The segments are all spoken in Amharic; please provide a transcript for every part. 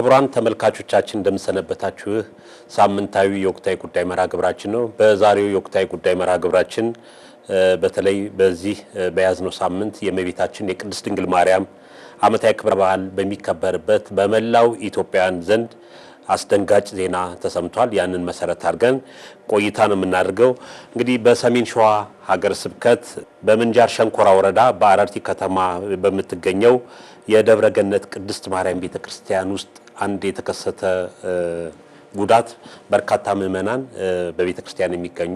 ክቡራን ተመልካቾቻችን እንደምሰነበታችሁ። ሳምንታዊ የወቅታዊ ጉዳይ መርሃ ግብራችን ነው። በዛሬው የወቅታዊ ጉዳይ መርሃ ግብራችን በተለይ በዚህ በያዝነው ሳምንት የእመቤታችን የቅድስት ድንግል ማርያም ዓመታዊ ክብረ በዓል በሚከበርበት በመላው ኢትዮጵያውያን ዘንድ አስደንጋጭ ዜና ተሰምቷል። ያንን መሰረት አድርገን ቆይታ ነው የምናደርገው። እንግዲህ በሰሜን ሸዋ ሀገር ስብከት በምንጃር ሸንኮራ ወረዳ በአረርቲ ከተማ በምትገኘው የደብረገነት ቅድስት ማርያም ቤተ ክርስቲያን ውስጥ አንድ የተከሰተ ጉዳት በርካታ ምዕመናን በቤተ ክርስቲያን የሚገኙ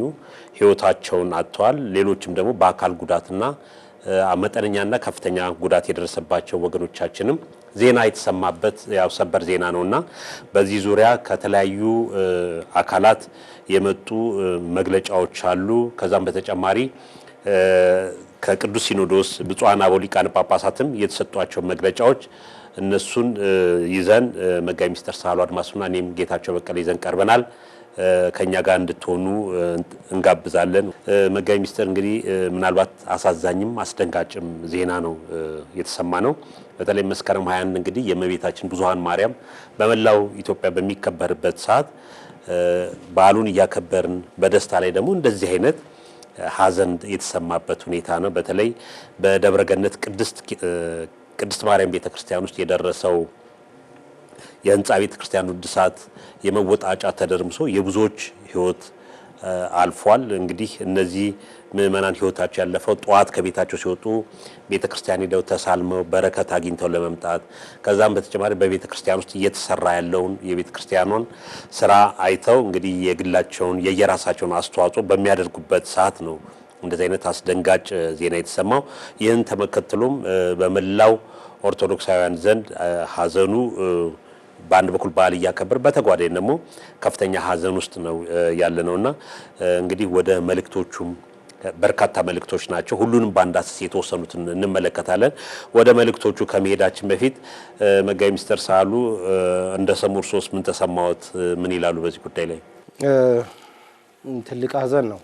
ህይወታቸውን አጥተዋል። ሌሎችም ደግሞ በአካል ጉዳትና መጠነኛና ከፍተኛ ጉዳት የደረሰባቸው ወገኖቻችንም ዜና የተሰማበት ያው ሰበር ዜና ነውና በዚህ ዙሪያ ከተለያዩ አካላት የመጡ መግለጫዎች አሉ። ከዛም በተጨማሪ ከቅዱስ ሲኖዶስ ብፁዓን አበው ሊቃነ ጳጳሳትም የተሰጧቸው መግለጫዎች እነሱን ይዘን መጋቢ ሚስተር ሳህሉ አድማሱና እኔም ጌታቸው በቀለ ይዘን ቀርበናል። ከኛ ጋር እንድትሆኑ እንጋብዛለን። መጋቢ ሚስጥር እንግዲህ ምናልባት አሳዛኝም አስደንጋጭም ዜና ነው የተሰማ ነው። በተለይ መስከረም 21 እንግዲህ የእመቤታችን ብዙኃን ማርያም በመላው ኢትዮጵያ በሚከበርበት ሰዓት በዓሉን እያከበርን በደስታ ላይ ደግሞ እንደዚህ አይነት ሀዘን የተሰማበት ሁኔታ ነው። በተለይ በደብረገነት ቅድስት ማርያም ቤተክርስቲያን ውስጥ የደረሰው የህንፃ ቤተ ክርስቲያን እድሳት የመወጣጫ ተደርምሶ የብዙዎች ህይወት አልፏል። እንግዲህ እነዚህ ምዕመናን ህይወታቸው ያለፈው ጠዋት ከቤታቸው ሲወጡ ቤተ ክርስቲያን ሄደው ተሳልመው በረከት አግኝተው ለመምጣት ከዛም በተጨማሪ በቤተ ክርስቲያን ውስጥ እየተሰራ ያለውን የቤተ ክርስቲያኗን ስራ አይተው እንግዲህ የግላቸውን የየራሳቸውን አስተዋጽኦ በሚያደርጉበት ሰዓት ነው እንደዚህ አይነት አስደንጋጭ ዜና የተሰማው። ይህን ተመከትሎም በመላው ኦርቶዶክሳውያን ዘንድ ሀዘኑ በአንድ በኩል በዓል እያከበር በተጓዳኝ ደግሞ ከፍተኛ ሀዘን ውስጥ ነው ያለነውና እንግዲህ ወደ መልእክቶቹም በርካታ መልእክቶች ናቸው። ሁሉንም በአንድ አስስ የተወሰኑትን እንመለከታለን። ወደ መልእክቶቹ ከመሄዳችን በፊት መጋቢ ሚኒስትር ሳሉ እንደ ሰሙ እርሶስ ምን ተሰማዎት? ምን ይላሉ በዚህ ጉዳይ ላይ? ትልቅ ሀዘን ነው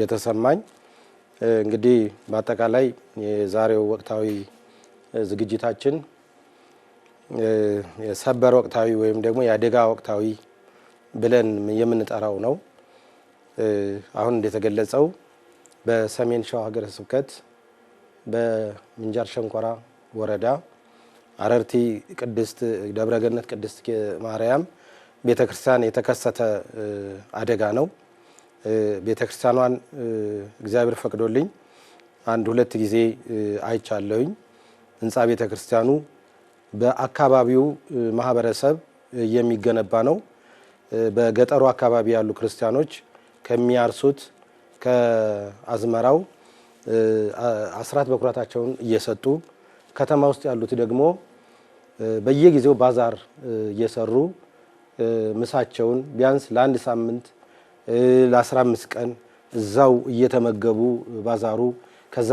የተሰማኝ። እንግዲህ በአጠቃላይ የዛሬው ወቅታዊ ዝግጅታችን የሰበር ወቅታዊ ወይም ደግሞ የአደጋ ወቅታዊ ብለን የምንጠራው ነው። አሁን እንደተገለጸው በሰሜን ሸዋ ሀገረ ስብከት በምንጃር ሸንኮራ ወረዳ አረርቲ ቅድስት ደብረገነት ቅድስት ማርያም ቤተ ክርስቲያን የተከሰተ አደጋ ነው። ቤተ ክርስቲያኗን እግዚአብሔር ፈቅዶልኝ አንድ ሁለት ጊዜ አይቻለሁኝ። ህንፃ ቤተ ክርስቲያኑ በአካባቢው ማህበረሰብ የሚገነባ ነው። በገጠሩ አካባቢ ያሉ ክርስቲያኖች ከሚያርሱት ከአዝመራው አስራት በኩራታቸውን እየሰጡ ከተማ ውስጥ ያሉት ደግሞ በየጊዜው ባዛር እየሰሩ ምሳቸውን ቢያንስ ለአንድ ሳምንት ለአስራ አምስት ቀን እዛው እየተመገቡ ባዛሩ ከዛ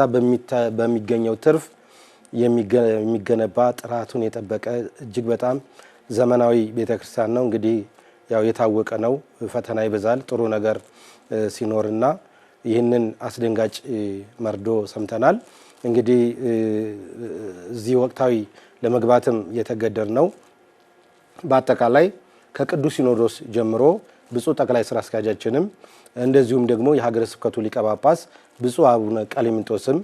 በሚገኘው ትርፍ የሚገነባ ጥራቱን የጠበቀ እጅግ በጣም ዘመናዊ ቤተክርስቲያን ነው። እንግዲህ ያው የታወቀ ነው። ፈተና ይበዛል። ጥሩ ነገር ሲኖርና ይህንን አስደንጋጭ መርዶ ሰምተናል። እንግዲህ እዚህ ወቅታዊ ለመግባትም የተገደር ነው። በአጠቃላይ ከቅዱስ ሲኖዶስ ጀምሮ ብፁዕ ጠቅላይ ስራ አስኪያጃችንም እንደዚሁም ደግሞ የሀገረ ስብከቱ ሊቀ ጳጳስ ብፁዕ አቡነ ቀሌምንጦስም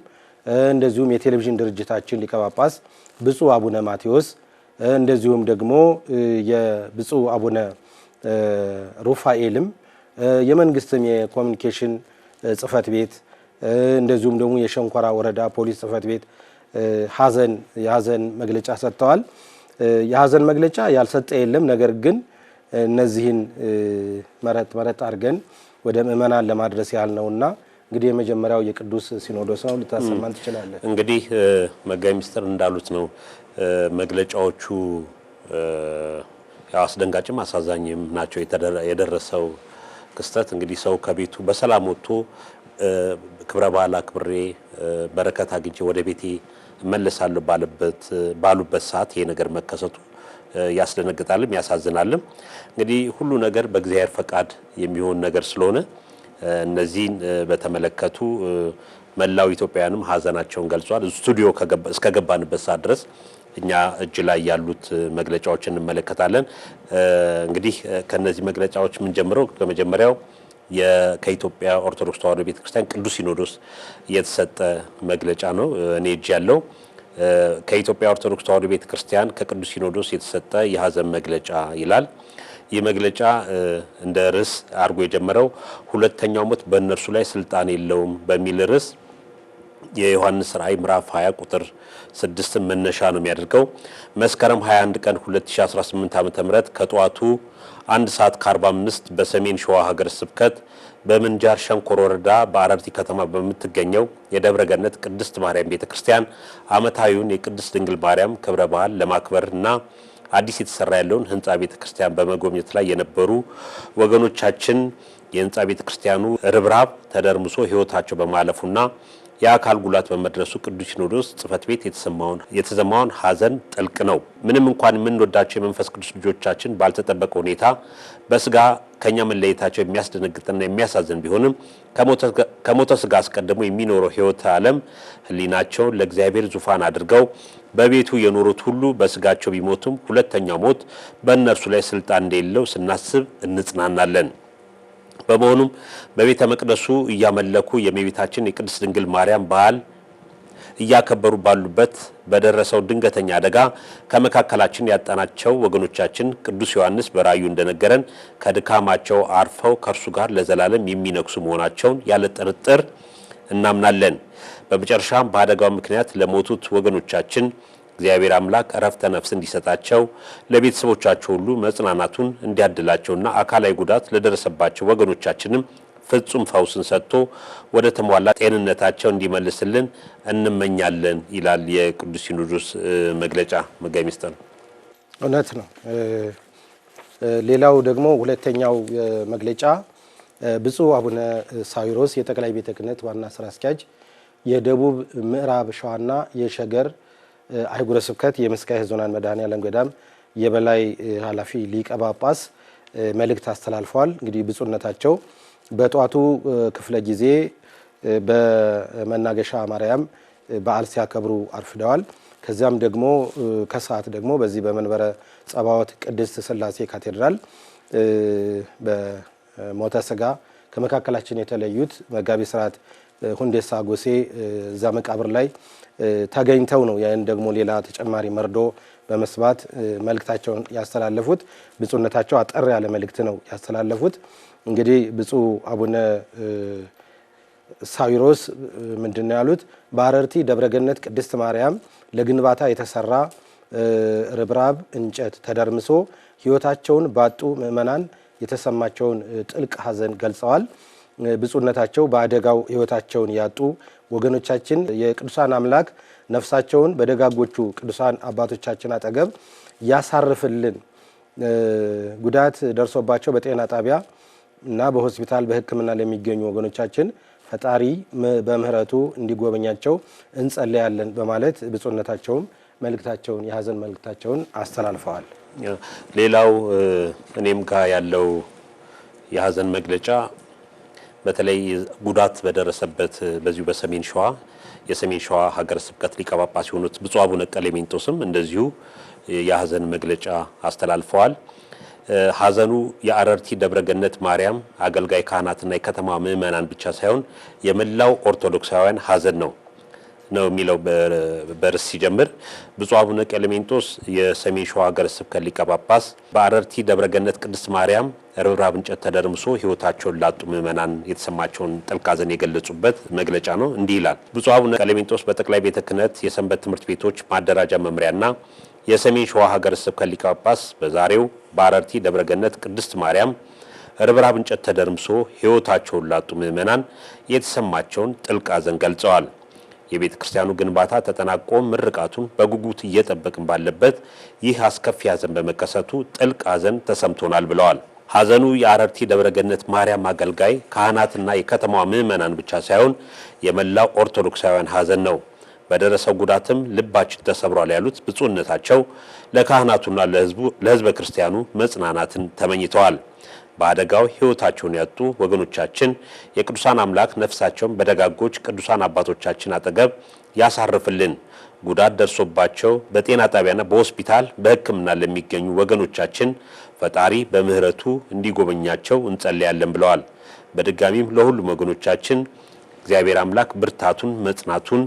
እንደዚሁም የቴሌቪዥን ድርጅታችን ሊቀጳጳስ ጳጳስ ብፁዕ አቡነ ማቴዎስ እንደዚሁም ደግሞ የብፁዕ አቡነ ሩፋኤልም የመንግስትም የኮሚኒኬሽን ጽህፈት ቤት እንደዚሁም ደግሞ የሸንኮራ ወረዳ ፖሊስ ጽህፈት ቤት ሀዘን የሀዘን መግለጫ ሰጥተዋል። የሀዘን መግለጫ ያልሰጠ የለም። ነገር ግን እነዚህን መረጥ መረጥ አድርገን ወደ ምእመናን ለማድረስ ያህል ነውና እንግዲህ የመጀመሪያው የቅዱስ ሲኖዶስ ነው። ልታሰማን ትችላለን። እንግዲህ መጋቢ ሚኒስትር እንዳሉት ነው መግለጫዎቹ አስደንጋጭም አሳዛኝም ናቸው። የደረሰው ክስተት እንግዲህ ሰው ከቤቱ በሰላም ወጥቶ ክብረ በዓል አክብሬ በረከት አግኝቼ ወደ ቤቴ እመለሳለሁ ባለበት ባሉበት ሰዓት ይሄ ነገር መከሰቱ ያስደነግጣልም ያሳዝናልም። እንግዲህ ሁሉ ነገር በእግዚአብሔር ፈቃድ የሚሆን ነገር ስለሆነ እነዚህን በተመለከቱ መላው ኢትዮጵያውያንም ሀዘናቸውን ገልጿል። ስቱዲዮ እስከገባንበት ሰዓት ድረስ እኛ እጅ ላይ ያሉት መግለጫዎች እንመለከታለን። እንግዲህ ከነዚህ መግለጫዎች የምንጀምረው ከመጀመሪያው ከኢትዮጵያ ኦርቶዶክስ ተዋሕዶ ቤተክርስቲያን ቅዱስ ሲኖዶስ የተሰጠ መግለጫ ነው። እኔ እጅ ያለው ከኢትዮጵያ ኦርቶዶክስ ተዋሕዶ ቤተክርስቲያን ከቅዱስ ሲኖዶስ የተሰጠ የሀዘን መግለጫ ይላል። የመግለጫ እንደ ርዕስ አድርጎ የጀመረው ሁለተኛው ሞት በእነርሱ ላይ ስልጣን የለውም በሚል ርዕስ የዮሐንስ ራእይ ምዕራፍ 20 ቁጥር 6 መነሻ ነው የሚያደርገው። መስከረም 21 ቀን 2018 ዓ.ም ከጠዋቱ 1 ሰዓት ከ45 በሰሜን ሸዋ ሀገር ስብከት በምንጃር ሸንኮር ወረዳ በአረርቲ ከተማ በምትገኘው የደብረ ገነት ቅድስት ማርያም ቤተክርስቲያን ዓመታዊውን የቅድስት ድንግል ማርያም ክብረ በዓል ለማክበርና አዲስ የተሰራ ያለውን ህንፃ ቤተ ክርስቲያን በመጎብኘት ላይ የነበሩ ወገኖቻችን የህንፃ ቤተ ክርስቲያኑ ርብራብ ተደርምሶ ህይወታቸው በማለፉና የአካል ጉላት በመድረሱ ቅዱስ ሲኖዶስ ጽፈት ቤት የተሰማውን ሀዘን ጥልቅ ነው። ምንም እንኳን የምንወዳቸው የመንፈስ ቅዱስ ልጆቻችን ባልተጠበቀ ሁኔታ በስጋ ከኛ መለየታቸው የሚያስደነግጥና የሚያሳዝን ቢሆንም ከሞተ ስጋ አስቀድሞ የሚኖረው ህይወት ዓለም ህሊናቸውን ለእግዚአብሔር ዙፋን አድርገው በቤቱ የኖሩት ሁሉ በስጋቸው ቢሞቱም ሁለተኛው ሞት በእነርሱ ላይ ስልጣን እንደሌለው ስናስብ እንጽናናለን። በመሆኑም በቤተ መቅደሱ እያመለኩ የእመቤታችን የቅድስት ድንግል ማርያም በዓል እያከበሩ ባሉበት በደረሰው ድንገተኛ አደጋ ከመካከላችን ያጣናቸው ወገኖቻችን ቅዱስ ዮሐንስ በራእዩ እንደነገረን ከድካማቸው አርፈው ከእርሱ ጋር ለዘላለም የሚነግሱ መሆናቸውን ያለ ጥርጥር እናምናለን። በመጨረሻም በአደጋው ምክንያት ለሞቱት ወገኖቻችን እግዚአብሔር አምላክ እረፍተ ነፍስ እንዲሰጣቸው ለቤተሰቦቻቸው ሁሉ መጽናናቱን እንዲያድላቸውና አካላዊ ጉዳት ለደረሰባቸው ወገኖቻችንም ፍጹም ፈውስን ሰጥቶ ወደ ተሟላ ጤንነታቸው እንዲመልስልን እንመኛለን ይላል የቅዱስ ሲኖዶስ መግለጫ። መጋቢ ሚስጥር እውነት ነው። ሌላው ደግሞ ሁለተኛው መግለጫ ብፁዕ አቡነ ሳዊሮስ የጠቅላይ ቤተ ክህነት ዋና ስራ አስኪያጅ የደቡብ ምዕራብ ሸዋና የሸገር አህጉረ ስብከት የምስቃየ ኅዙናን መድኃኔዓለም ገዳም የበላይ ኃላፊ ሊቀ ጳጳስ መልእክት አስተላልፈዋል። እንግዲህ ብፁዕነታቸው በጠዋቱ ክፍለ ጊዜ በመናገሻ ማርያም በዓል ሲያከብሩ አርፍደዋል። ከዚያም ደግሞ ከሰዓት ደግሞ በዚህ በመንበረ ጸባዖት ቅድስት ስላሴ ካቴድራል በሞተ ስጋ ከመካከላችን የተለዩት መጋቢ ስርዓት ሁንዴሳ ጎሴ እዛ መቃብር ላይ ተገኝተው ነው ያን ደግሞ ሌላ ተጨማሪ መርዶ በመስባት መልእክታቸውን ያስተላለፉት። ብፁዕነታቸው አጠር ያለ መልእክት ነው ያስተላለፉት። እንግዲህ ብፁዕ አቡነ ሳዊሮስ ምንድን ነው ያሉት? በአረርቲ ደብረገነት ቅድስት ማርያም ለግንባታ የተሰራ ርብራብ እንጨት ተደርምሶ ሕይወታቸውን ባጡ ምዕመናን የተሰማቸውን ጥልቅ ሐዘን ገልጸዋል። ብፁዕነታቸው በአደጋው ሕይወታቸውን ያጡ ወገኖቻችን የቅዱሳን አምላክ ነፍሳቸውን በደጋጎቹ ቅዱሳን አባቶቻችን አጠገብ ያሳርፍልን። ጉዳት ደርሶባቸው በጤና ጣቢያ እና በሆስፒታል በሕክምና ለሚገኙ ወገኖቻችን ፈጣሪ በምሕረቱ እንዲጎበኛቸው እንጸለያለን በማለት ብፁዕነታቸውም መልእክታቸውን የሀዘን መልእክታቸውን አስተላልፈዋል። ሌላው እኔም ጋር ያለው የሀዘን መግለጫ በተለይ ጉዳት በደረሰበት በዚሁ በሰሜን ሸዋ የሰሜን ሸዋ ሀገረ ስብከት ሊቀ ጳጳስ የሆኑት ብፁዕ አቡነ እንደዚሁ የሀዘን መግለጫ አስተላልፈዋል። ሀዘኑ የአረርቲ ደብረገነት ማርያም አገልጋይ ካህናትና የከተማ ምእመናን ብቻ ሳይሆን የመላው ኦርቶዶክሳውያን ሀዘን ነው። ነው የሚለው በርስ ሲጀምር ብፁዕ አቡነ ቀለሜንጦስ የሰሜን ሸዋ ሀገረ ስብከት ሊቀ ጳጳስ በአረርቲ ደብረገነት ቅድስት ማርያም ርብራብ እንጨት ተደርምሶ ሕይወታቸውን ላጡ ምዕመናን የተሰማቸውን ጥልቅ ሐዘን የገለጹበት መግለጫ ነው። እንዲህ ይላል። ብፁዕ አቡነ ቀለሜንጦስ በጠቅላይ ቤተ ክህነት የሰንበት ትምህርት ቤቶች ማደራጃ መምሪያና የሰሜን ሸዋ ሀገረ ስብከት ሊቀ ጳጳስ በዛሬው በአረርቲ ደብረገነት ቅድስት ማርያም ርብራብ እንጨት ተደርምሶ ሕይወታቸውን ላጡ ምዕመናን የተሰማቸውን ጥልቅ ሐዘን ገልጸዋል። የቤተ ክርስቲያኑ ግንባታ ተጠናቆ ምርቃቱን በጉጉት እየጠበቅን ባለበት ይህ አስከፊ ሐዘን በመከሰቱ ጥልቅ ሐዘን ተሰምቶናል ብለዋል። ሐዘኑ የአረርቲ ደብረገነት ማርያም አገልጋይ ካህናትና የከተማዋ ምዕመናን ብቻ ሳይሆን የመላው ኦርቶዶክሳውያን ሐዘን ነው። በደረሰው ጉዳትም ልባችን ተሰብሯል ያሉት ብፁዕነታቸው ለካህናቱና ለሕዝበ ክርስቲያኑ መጽናናትን ተመኝተዋል። በአደጋው ሕይወታቸውን ያጡ ወገኖቻችን የቅዱሳን አምላክ ነፍሳቸውን በደጋጎች ቅዱሳን አባቶቻችን አጠገብ ያሳርፍልን። ጉዳት ደርሶባቸው በጤና ጣቢያና በሆስፒታል በሕክምና ለሚገኙ ወገኖቻችን ፈጣሪ በምሕረቱ እንዲጎበኛቸው እንጸለያለን ብለዋል። በድጋሚም ለሁሉም ወገኖቻችን እግዚአብሔር አምላክ ብርታቱን መጽናቱን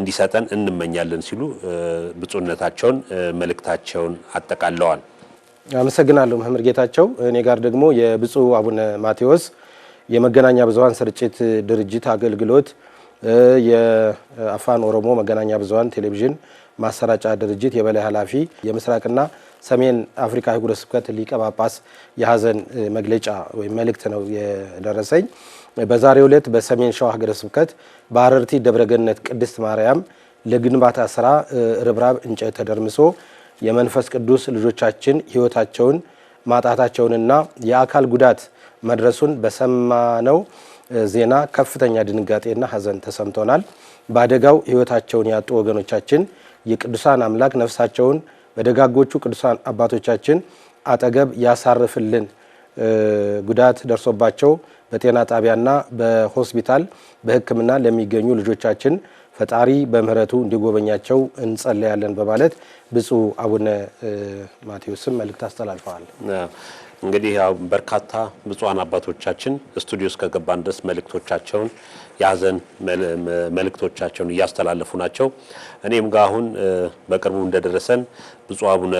እንዲሰጠን እንመኛለን ሲሉ ብፁዕነታቸውን መልእክታቸውን አጠቃለዋል። አመሰግናለሁ መምህር ጌታቸው። እኔ ጋር ደግሞ የብፁዕ አቡነ ማቴዎስ የመገናኛ ብዙኃን ስርጭት ድርጅት አገልግሎት የአፋን ኦሮሞ መገናኛ ብዙኃን ቴሌቪዥን ማሰራጫ ድርጅት የበላይ ኃላፊ የምስራቅና ሰሜን አፍሪካ አህጉረ ስብከት ሊቀ ጳጳስ የሀዘን መግለጫ ወይም መልእክት ነው የደረሰኝ። በዛሬው ዕለት በሰሜን ሸዋ ሀገረ ስብከት በአረርቲ ደብረገነት ቅድስት ማርያም ለግንባታ ስራ ርብራብ እንጨት ተደርምሶ የመንፈስ ቅዱስ ልጆቻችን ህይወታቸውን ማጣታቸውንና የአካል ጉዳት መድረሱን በሰማነው ዜና ከፍተኛ ድንጋጤና ሀዘን ተሰምቶናል። በአደጋው ህይወታቸውን ያጡ ወገኖቻችን የቅዱሳን አምላክ ነፍሳቸውን በደጋጎቹ ቅዱሳን አባቶቻችን አጠገብ ያሳርፍልን። ጉዳት ደርሶባቸው በጤና ጣቢያና በሆስፒታል በሕክምና ለሚገኙ ልጆቻችን ፈጣሪ በምህረቱ እንዲጎበኛቸው እንጸለያለን በማለት ብፁዕ አቡነ ማቴዎስም መልእክት አስተላልፈዋል። እንግዲህ በርካታ ብፁዓን አባቶቻችን ስቱዲዮ እስከገባን ድረስ መልእክቶቻቸውን የሀዘን መልእክቶቻቸውን እያስተላለፉ ናቸው። እኔም ጋር አሁን በቅርቡ እንደደረሰን ብፁዕ አቡነ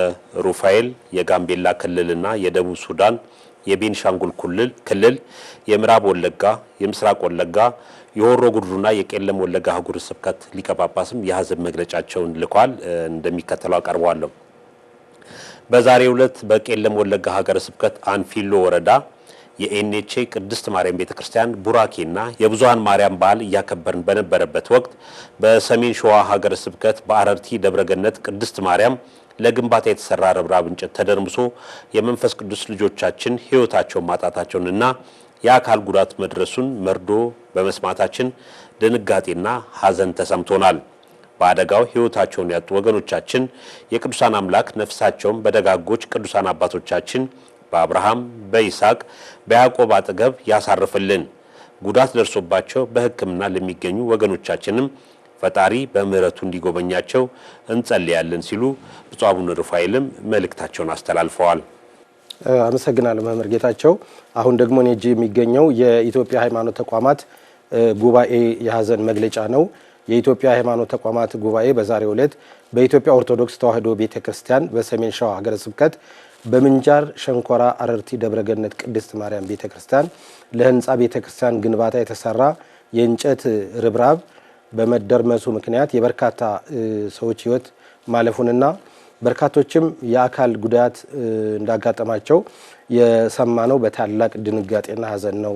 ሩፋኤል የጋምቤላ ክልልና የደቡብ ሱዳን፣ የቤንሻንጉል ክልል፣ የምዕራብ ወለጋ፣ የምስራቅ ወለጋ የሆሮ ጉድሩና የቄለም ወለጋ አህጉረ ስብከት ሊቀ የሀዘብ የሀዘን መግለጫቸውን ልኳል። እንደሚከተለው አቀርበዋለሁ። በዛሬው ዕለት በቄለም ወለጋ ሀገረ ስብከት አንፊሎ ወረዳ የኤንኤችኤ ቅድስት ማርያም ቤተክርስቲያን ቡራኬና የብዙሃን ማርያም በዓል እያከበርን በነበረበት ወቅት በሰሜን ሸዋ ሀገረ ስብከት በአረርቲ ደብረገነት ቅድስት ማርያም ለግንባታ የተሰራ ረብራብ እንጨት ተደርምሶ የመንፈስ ቅዱስ ልጆቻችን ሕይወታቸውን ማጣታቸውንና የአካል ጉዳት መድረሱን መርዶ በመስማታችን ድንጋጤና ሐዘን ተሰምቶናል። በአደጋው ሕይወታቸውን ያጡ ወገኖቻችን የቅዱሳን አምላክ ነፍሳቸውን በደጋጎች ቅዱሳን አባቶቻችን በአብርሃም፣ በይስሐቅ፣ በያዕቆብ አጠገብ ያሳርፍልን። ጉዳት ደርሶባቸው በሕክምና ለሚገኙ ወገኖቻችንም ፈጣሪ በምሕረቱ እንዲጎበኛቸው እንጸልያለን ሲሉ ብፁዕ አቡነ ሩፋኤልም መልእክታቸውን አስተላልፈዋል። አመሰግናለሁ መምህር ጌታቸው። አሁን ደግሞ እኔ እጅ የሚገኘው የኢትዮጵያ ሃይማኖት ተቋማት ጉባኤ የሀዘን መግለጫ ነው። የኢትዮጵያ ሃይማኖት ተቋማት ጉባኤ በዛሬው ዕለት በኢትዮጵያ ኦርቶዶክስ ተዋሕዶ ቤተ ክርስቲያን በሰሜን ሸዋ ሀገረ ስብከት በምንጃር ሸንኮራ አረርቲ ደብረገነት ቅድስት ማርያም ቤተ ክርስቲያን ለህንፃ ቤተ ክርስቲያን ግንባታ የተሰራ የእንጨት ርብራብ በመደርመሱ ምክንያት የበርካታ ሰዎች ህይወት ማለፉንና በርካቶችም የአካል ጉዳት እንዳጋጠማቸው የሰማነው በታላቅ ድንጋጤና ሀዘን ነው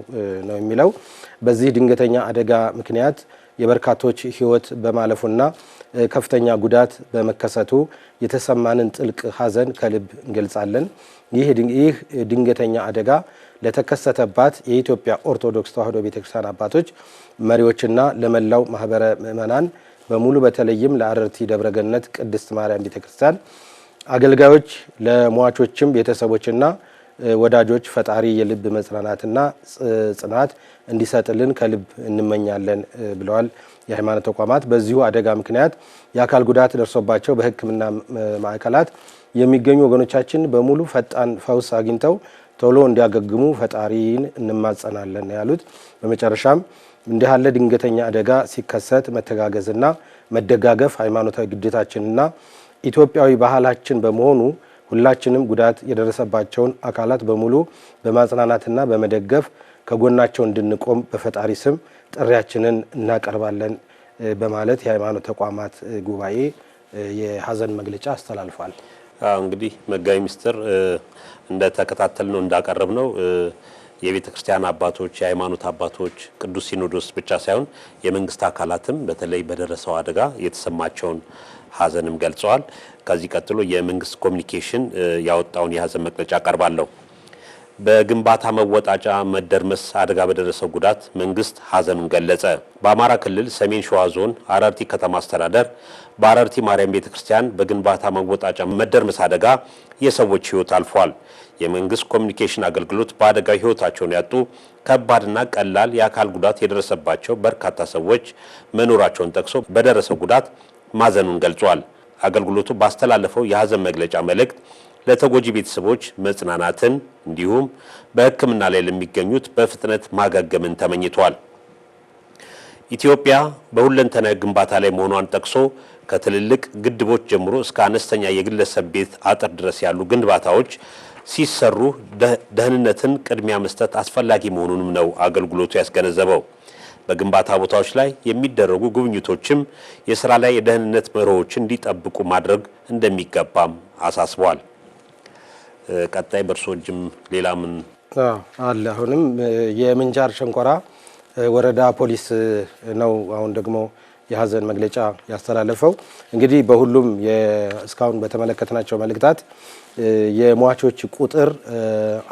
ነው የሚለው በዚህ ድንገተኛ አደጋ ምክንያት የበርካቶች ህይወት በማለፉና ከፍተኛ ጉዳት በመከሰቱ የተሰማንን ጥልቅ ሀዘን ከልብ እንገልጻለን። ይህ ድንገተኛ አደጋ ለተከሰተባት የኢትዮጵያ ኦርቶዶክስ ተዋሕዶ ቤተክርስቲያን አባቶች፣ መሪዎችና ለመላው ማህበረ ምዕመናን በሙሉ በተለይም ለአረርቲ ደብረገነት ቅድስት ማርያም ቤተክርስቲያን አገልጋዮች፣ ለሟቾችም ቤተሰቦችና ወዳጆች ፈጣሪ የልብ መጽናናትና ጽናት እንዲሰጥልን ከልብ እንመኛለን ብለዋል። የሃይማኖት ተቋማት በዚሁ አደጋ ምክንያት የአካል ጉዳት ደርሶባቸው በሕክምና ማዕከላት የሚገኙ ወገኖቻችን በሙሉ ፈጣን ፈውስ አግኝተው ቶሎ እንዲያገግሙ ፈጣሪን እንማጸናለን ያሉት በመጨረሻም እንዲህ ያለ ድንገተኛ አደጋ ሲከሰት መተጋገዝና መደጋገፍ ሃይማኖታዊ ግዴታችንና ኢትዮጵያዊ ባህላችን በመሆኑ ሁላችንም ጉዳት የደረሰባቸውን አካላት በሙሉ በማጽናናትና በመደገፍ ከጎናቸው እንድንቆም በፈጣሪ ስም ጥሪያችንን እናቀርባለን በማለት የሃይማኖት ተቋማት ጉባኤ የሀዘን መግለጫ አስተላልፏል። እንግዲህ መጋቢ ምስጢር እንደተከታተል ነው እንዳቀረብ ነው የቤተ ክርስቲያን አባቶች፣ የሃይማኖት አባቶች፣ ቅዱስ ሲኖዶስ ብቻ ሳይሆን የመንግስት አካላትም በተለይ በደረሰው አደጋ የተሰማቸውን ሀዘንም ገልጸዋል። ከዚህ ቀጥሎ የመንግስት ኮሚኒኬሽን ያወጣውን የሀዘን መግለጫ አቀርባለሁ። በግንባታ መወጣጫ መደርመስ አደጋ በደረሰው ጉዳት መንግስት ሀዘኑን ገለጸ። በአማራ ክልል ሰሜን ሸዋ ዞን አረርቲ ከተማ አስተዳደር በአረርቲ ማርያም ቤተ ክርስቲያን በግንባታ መወጣጫ መደርመስ አደጋ የሰዎች ህይወት አልፏል። የመንግስት ኮሚኒኬሽን አገልግሎት በአደጋው ህይወታቸውን ያጡ ከባድና ቀላል የአካል ጉዳት የደረሰባቸው በርካታ ሰዎች መኖራቸውን ጠቅሶ በደረሰው ጉዳት ማዘኑን ገልጿል። አገልግሎቱ ባስተላለፈው የሀዘን መግለጫ መልእክት ለተጎጂ ቤተሰቦች መጽናናትን እንዲሁም በሕክምና ላይ ለሚገኙት በፍጥነት ማገገምን ተመኝቷል። ኢትዮጵያ በሁለንተናዊ ግንባታ ላይ መሆኗን ጠቅሶ ከትልልቅ ግድቦች ጀምሮ እስከ አነስተኛ የግለሰብ ቤት አጥር ድረስ ያሉ ግንባታዎች ሲሰሩ ደህንነትን ቅድሚያ መስጠት አስፈላጊ መሆኑንም ነው አገልግሎቱ ያስገነዘበው። በግንባታ ቦታዎች ላይ የሚደረጉ ጉብኝቶችም የስራ ላይ የደህንነት መርሆዎችን እንዲጠብቁ ማድረግ እንደሚገባም አሳስቧል። ቀጣይ በእርሶ እጅም ሌላ ምን አለ? አሁንም የምንጃር ሸንኮራ ወረዳ ፖሊስ ነው አሁን ደግሞ የሀዘን መግለጫ ያስተላለፈው። እንግዲህ በሁሉም እስካሁን በተመለከትናቸው መልእክታት የሟቾች ቁጥር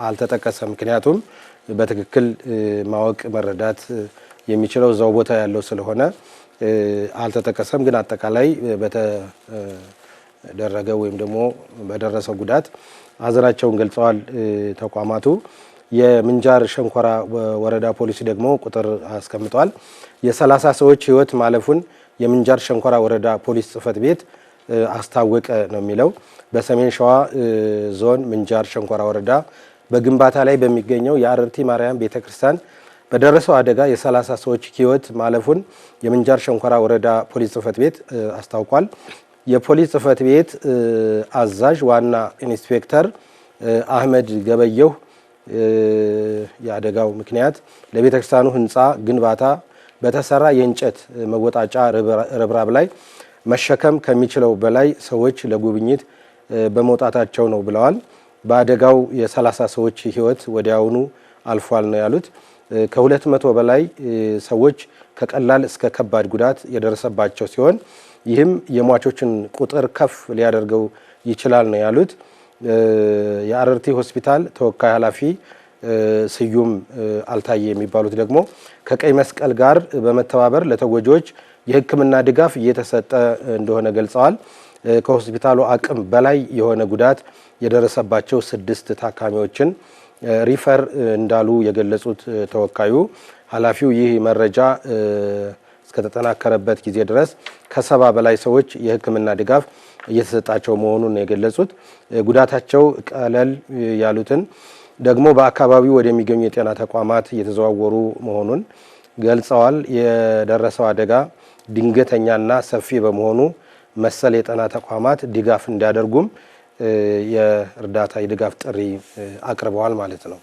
አልተጠቀሰም። ምክንያቱም በትክክል ማወቅ መረዳት የሚችለው እዛው ቦታ ያለው ስለሆነ አልተጠቀሰም። ግን አጠቃላይ በተደረገ ወይም ደግሞ በደረሰው ጉዳት ሀዘናቸውን ገልጸዋል ተቋማቱ። የምንጃር ሸንኮራ ወረዳ ፖሊስ ደግሞ ቁጥር አስቀምጧል። የሰላሳ ሰዎች ህይወት ማለፉን የምንጃር ሸንኮራ ወረዳ ፖሊስ ጽህፈት ቤት አስታወቀ ነው የሚለው። በሰሜን ሸዋ ዞን ምንጃር ሸንኮራ ወረዳ በግንባታ ላይ በሚገኘው የአረርቲ ማርያም ቤተ ክርስቲያን በደረሰው አደጋ የሰላሳ ሰዎች ህይወት ማለፉን የምንጃር ሸንኮራ ወረዳ ፖሊስ ጽህፈት ቤት አስታውቋል። የፖሊስ ጽህፈት ቤት አዛዥ ዋና ኢንስፔክተር አህመድ ገበየሁ የአደጋው ምክንያት ለቤተ ክርስቲያኑ ህንፃ ግንባታ በተሰራ የእንጨት መወጣጫ ርብራብ ላይ መሸከም ከሚችለው በላይ ሰዎች ለጉብኝት በመውጣታቸው ነው ብለዋል። በአደጋው የሰላሳ ሰዎች ህይወት ወዲያውኑ አልፏል ነው ያሉት። ከሁለት መቶ በላይ ሰዎች ከቀላል እስከ ከባድ ጉዳት የደረሰባቸው ሲሆን ይህም የሟቾችን ቁጥር ከፍ ሊያደርገው ይችላል ነው ያሉት። የአረርቲ ሆስፒታል ተወካይ ኃላፊ ስዩም አልታየ የሚባሉት ደግሞ ከቀይ መስቀል ጋር በመተባበር ለተጎጂዎች የሕክምና ድጋፍ እየተሰጠ እንደሆነ ገልጸዋል። ከሆስፒታሉ አቅም በላይ የሆነ ጉዳት የደረሰባቸው ስድስት ታካሚዎችን ሪፈር እንዳሉ የገለጹት ተወካዩ ኃላፊው ይህ መረጃ እስከተጠናከረበት ጊዜ ድረስ ከሰባ በላይ ሰዎች የሕክምና ድጋፍ እየተሰጣቸው መሆኑን የገለጹት። ጉዳታቸው ቀለል ያሉትን ደግሞ በአካባቢው ወደሚገኙ የጤና ተቋማት እየተዘዋወሩ መሆኑን ገልጸዋል። የደረሰው አደጋ ድንገተኛና ሰፊ በመሆኑ መሰል የጤና ተቋማት ድጋፍ እንዲያደርጉም የእርዳታ የድጋፍ ጥሪ አቅርበዋል ማለት ነው።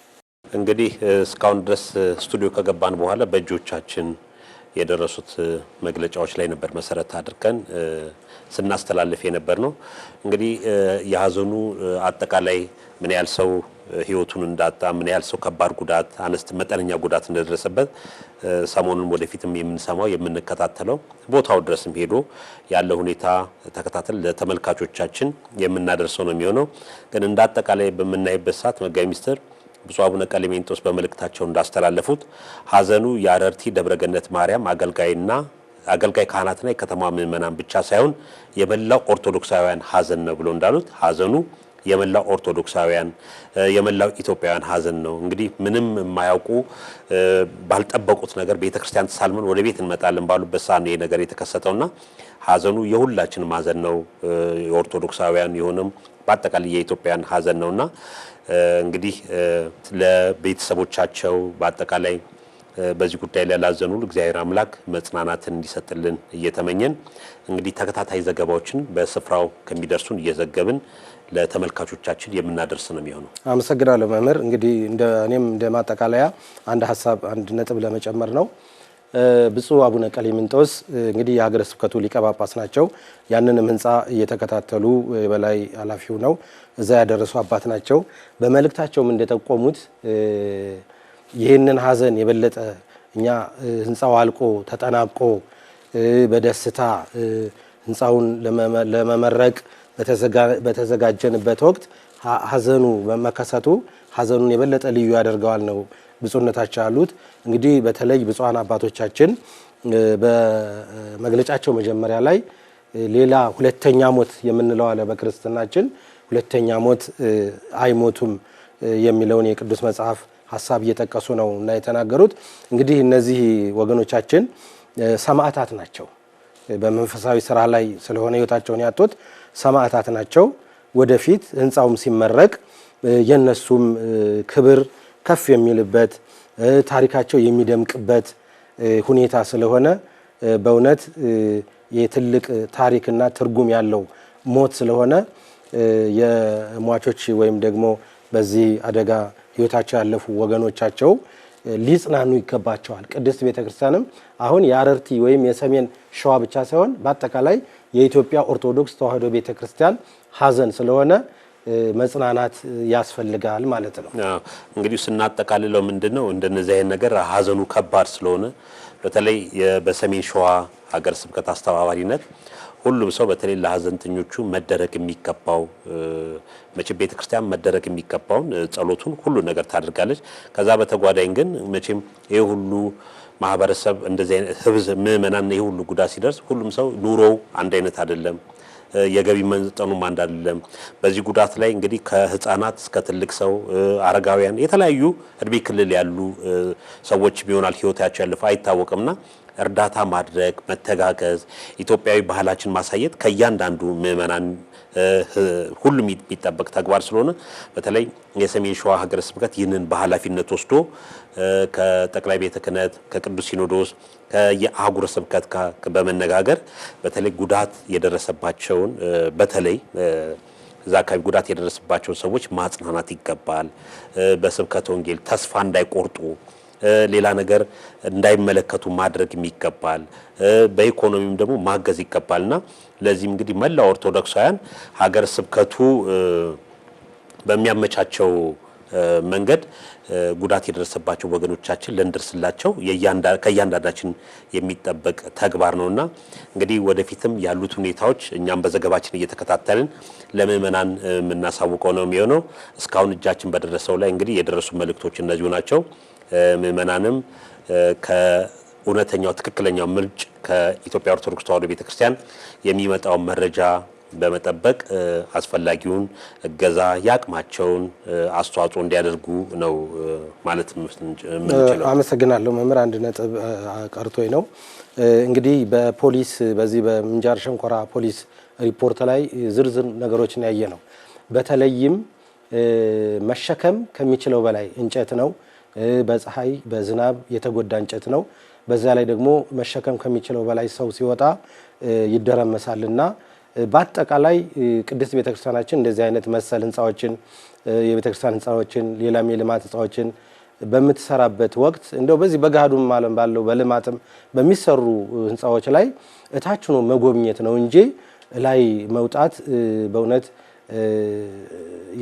እንግዲህ እስካሁን ድረስ ስቱዲዮ ከገባን በኋላ በእጆቻችን የደረሱት መግለጫዎች ላይ ነበር መሰረት አድርገን ስናስተላልፍ የነበር ነው። እንግዲህ የሀዘኑ አጠቃላይ ምን ያህል ሰው ህይወቱን እንዳጣ ምን ያህል ሰው ከባድ ጉዳት አነስት መጠነኛ ጉዳት እንደደረሰበት ሰሞኑን ወደፊትም የምንሰማው የምንከታተለው ቦታው ድረስም ሄዶ ያለ ሁኔታ ተከታተል ለተመልካቾቻችን የምናደርሰው ነው የሚሆነው። ግን እንደ አጠቃላይ በምናይበት ሰዓት መጋቢ ሚኒስትር ብፁዕ አቡነ ቀለሜንጦስ በመልእክታቸው እንዳስተላለፉት ሀዘኑ የአረርቲ ደብረገነት ማርያም አገልጋይና አገልጋይ ካህናትና የከተማ ምእመናን ብቻ ሳይሆን የመላው ኦርቶዶክሳውያን ሀዘን ነው ብሎ እንዳሉት ሀዘኑ የመላው ኦርቶዶክሳውያን የመላው ኢትዮጵያውያን ሀዘን ነው። እንግዲህ ምንም የማያውቁ ባልጠበቁት ነገር ቤተክርስቲያን ተሳልመን ወደ ቤት እንመጣለን ባሉበት ሰዓት ነው ይሄ ነገር የተከሰተውና ሀዘኑ የሁላችንም ሀዘን ነው። የኦርቶዶክሳውያን የሆነም በአጠቃላይ የኢትዮጵያን ሀዘን ነውና እንግዲህ ለቤተሰቦቻቸው በአጠቃላይ በዚህ ጉዳይ ላይ ላዘኑ እግዚአብሔር አምላክ መጽናናትን እንዲሰጥልን እየተመኘን እንግዲህ ተከታታይ ዘገባዎችን በስፍራው ከሚደርሱን እየዘገብን ለተመልካቾቻችን የምናደርስ ነው የሚሆነው። አመሰግናለሁ መምህር። እንግዲህ እኔም እንደ ማጠቃለያ አንድ ሀሳብ አንድ ነጥብ ለመጨመር ነው። ብፁዕ አቡነ ቀሌምንጦስ እንግዲህ የሀገረ ስብከቱ ሊቀ ጳጳስ ናቸው። ያንንም ህንፃ እየተከታተሉ የበላይ ኃላፊው ነው እዛ ያደረሱ አባት ናቸው። በመልእክታቸውም እንደጠቆሙት ይህንን ሀዘን የበለጠ እኛ ህንፃው አልቆ ተጠናቆ በደስታ ህንፃውን ለመመረቅ በተዘጋጀንበት ወቅት ሀዘኑ መከሰቱ ሀዘኑን የበለጠ ልዩ ያደርገዋል ነው ብፁዕነታቸው ያሉት። እንግዲህ በተለይ ብፁዓን አባቶቻችን በመግለጫቸው መጀመሪያ ላይ ሌላ ሁለተኛ ሞት የምንለው አለ በክርስትናችን ሁለተኛ ሞት አይሞቱም የሚለውን የቅዱስ መጽሐፍ ሀሳብ እየጠቀሱ ነው እና የተናገሩት እንግዲህ እነዚህ ወገኖቻችን ሰማዕታት ናቸው። በመንፈሳዊ ስራ ላይ ስለሆነ ህይወታቸውን ያጡት ሰማዕታት ናቸው። ወደፊት ህንፃውም ሲመረቅ የነሱም ክብር ከፍ የሚልበት ታሪካቸው የሚደምቅበት ሁኔታ ስለሆነ በእውነት የትልቅ ታሪክና ትርጉም ያለው ሞት ስለሆነ የሟቾች ወይም ደግሞ በዚህ አደጋ ህይወታቸው ያለፉ ወገኖቻቸው ሊጽናኑ ይገባቸዋል። ቅድስት ቤተ ክርስቲያንም አሁን የአረርቲ ወይም የሰሜን ሸዋ ብቻ ሳይሆን በአጠቃላይ የኢትዮጵያ ኦርቶዶክስ ተዋሕዶ ቤተ ክርስቲያን ሀዘን ስለሆነ መጽናናት ያስፈልጋል ማለት ነው። እንግዲህ ስናጠቃልለው ምንድን ነው እንደነዚህ አይነት ነገር ሀዘኑ ከባድ ስለሆነ በተለይ በሰሜን ሸዋ ሀገረ ስብከት አስተባባሪነት ሁሉም ሰው በተለይ ለሀዘንተኞቹ መደረግ የሚገባው መቼም ቤተ ክርስቲያን መደረግ የሚገባውን ጸሎቱን ሁሉ ነገር ታደርጋለች። ከዛ በተጓዳኝ ግን መቼም ይህ ሁሉ ማህበረሰብ እንደዚህ አይነት ህብዝ ምእመናን ይህ ሁሉ ጉዳት ሲደርስ ሁሉም ሰው ኑሮው አንድ አይነት አይደለም፣ የገቢ መጠኑም አንድ አይደለም። በዚህ ጉዳት ላይ እንግዲህ ከህፃናት እስከ ትልቅ ሰው፣ አረጋውያን፣ የተለያዩ እድሜ ክልል ያሉ ሰዎች ቢሆናል ህይወታቸው ያለፈው አይታወቅምና እርዳታ ማድረግ፣ መተጋገዝ፣ ኢትዮጵያዊ ባህላችን ማሳየት ከእያንዳንዱ ምእመናን ሁሉም የሚጠበቅ ተግባር ስለሆነ በተለይ የሰሜን ሸዋ ሀገረ ስብከት ይህንን በኃላፊነት ወስዶ ከጠቅላይ ቤተ ክህነት ከቅዱስ ሲኖዶስ ከየአህጉረ ስብከት በመነጋገር በተለይ ጉዳት የደረሰባቸውን በተለይ እዛ አካባቢ ጉዳት የደረሰባቸውን ሰዎች ማጽናናት ይገባል። በስብከት ወንጌል ተስፋ እንዳይቆርጡ ሌላ ነገር እንዳይመለከቱ ማድረግ ይገባል። በኢኮኖሚም ደግሞ ማገዝ ይገባልና ለዚህም እንግዲህ መላ ኦርቶዶክሳውያን ሀገር ስብከቱ በሚያመቻቸው መንገድ ጉዳት የደረሰባቸው ወገኖቻችን ልንደርስላቸው ከእያንዳንዳችን የሚጠበቅ ተግባር ነውና እንግዲህ ወደፊትም ያሉት ሁኔታዎች እኛም በዘገባችን እየተከታተልን ለምእመናን የምናሳውቀው ነው የሚሆነው። እስካሁን እጃችን በደረሰው ላይ እንግዲህ የደረሱ መልእክቶች እነዚሁ ናቸው። ምእመናንም ከእውነተኛው ትክክለኛው ምንጭ ከኢትዮጵያ ኦርቶዶክስ ተዋሕዶ ቤተክርስቲያን የሚመጣውን መረጃ በመጠበቅ አስፈላጊውን እገዛ የአቅማቸውን አስተዋጽኦ እንዲያደርጉ ነው ማለት አመሰግናለሁ መምህር። አንድ ነጥብ ቀርቶኝ ነው እንግዲህ በፖሊስ በዚህ በምንጃር ሸንኮራ ፖሊስ ሪፖርት ላይ ዝርዝር ነገሮችን ያየ ነው። በተለይም መሸከም ከሚችለው በላይ እንጨት ነው በፀሐይ በዝናብ የተጎዳ እንጨት ነው። በዛ ላይ ደግሞ መሸከም ከሚችለው በላይ ሰው ሲወጣ ይደረመሳልና በአጠቃላይ ቅድስት ቤተክርስቲያናችን እንደዚህ አይነት መሰል ህንፃዎችን የቤተክርስቲያን ህንፃዎችን ሌላም የልማት ህንፃዎችን በምትሰራበት ወቅት እንደው በዚህ በጋዱም ዓለም ባለው በልማትም በሚሰሩ ህንፃዎች ላይ እታች ነው መጎብኘት ነው እንጂ ላይ መውጣት በእውነት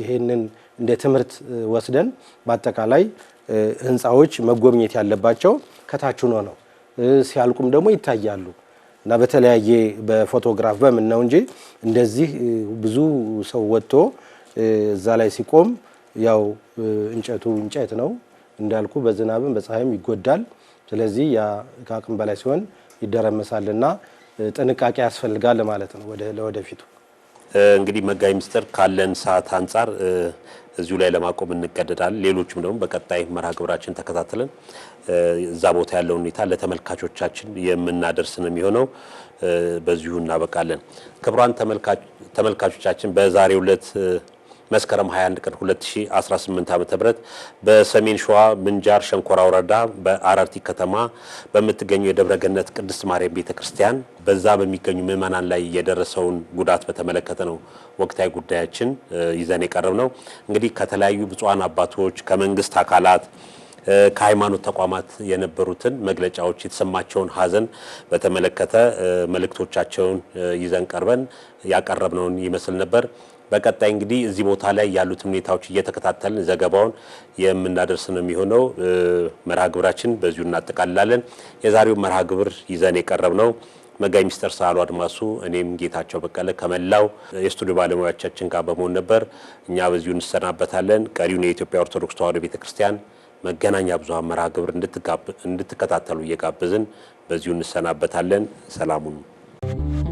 ይሄንን እንደ ትምህርት ወስደን በአጠቃላይ ህንፃዎች መጎብኘት ያለባቸው ከታች ሆኖ ነው። ሲያልቁም ደግሞ ይታያሉ እና በተለያየ በፎቶግራፍ በምን ነው እንጂ እንደዚህ ብዙ ሰው ወጥቶ እዛ ላይ ሲቆም ያው እንጨቱ እንጨት ነው እንዳልኩ በዝናብም በፀሐይም ይጎዳል። ስለዚህ ያ ከአቅም በላይ ሲሆን ይደረመሳልና ጥንቃቄ ያስፈልጋል ማለት ነው። ለወደፊቱ እንግዲህ መጋቢ ምስጢር ካለን ሰዓት አንጻር እዚሁ ላይ ለማቆም እንገደዳለን። ሌሎችም ደግሞ በቀጣይ መርሃ ግብራችን ተከታትለን እዛ ቦታ ያለውን ሁኔታ ለተመልካቾቻችን የምናደርስ ነው የሚሆነው። በዚሁ እናበቃለን። ክቡራን ተመልካቾቻችን በዛሬው ዕለት መስከረም 21 ቀን 2018 ዓ.ም በሰሜን ሸዋ ምንጃር ሸንኮራ ወረዳ በአራርቲ ከተማ በምትገኘው የደብረ ገነት ቅድስት ማርያም ቤተክርስቲያን በዛ በሚገኙ ምዕመናን ላይ የደረሰውን ጉዳት በተመለከተ ነው ወቅታዊ ጉዳያችን ይዘን የቀረብ ነው። እንግዲህ ከተለያዩ ብፁዓን አባቶች ከመንግስት አካላት ከሃይማኖት ተቋማት የነበሩትን መግለጫዎች የተሰማቸውን ሀዘን በተመለከተ መልእክቶቻቸውን ይዘን ቀርበን ያቀረብነውን ይመስል ነበር። በቀጣይ እንግዲህ እዚህ ቦታ ላይ ያሉትን ሁኔታዎች እየተከታተልን ዘገባውን የምናደርስ ነው የሚሆነው። መርሃ ግብራችን በዚሁ እናጠቃልላለን። የዛሬው መርሃ ግብር ይዘን የቀረብ ነው መጋይ ሚስተር ሳሉ አድማሱ፣ እኔም ጌታቸው በቀለ ከመላው የስቱዲዮ ባለሙያዎቻችን ጋር በመሆን ነበር። እኛ በዚሁ እንሰናበታለን። ቀሪውን የኢትዮጵያ ኦርቶዶክስ ተዋሕዶ ቤተክርስቲያን መገናኛ ብዙኃን መርሃ ግብር እንድትከታተሉ እየጋበዝን በዚሁ እንሰናበታለን። ሰላሙን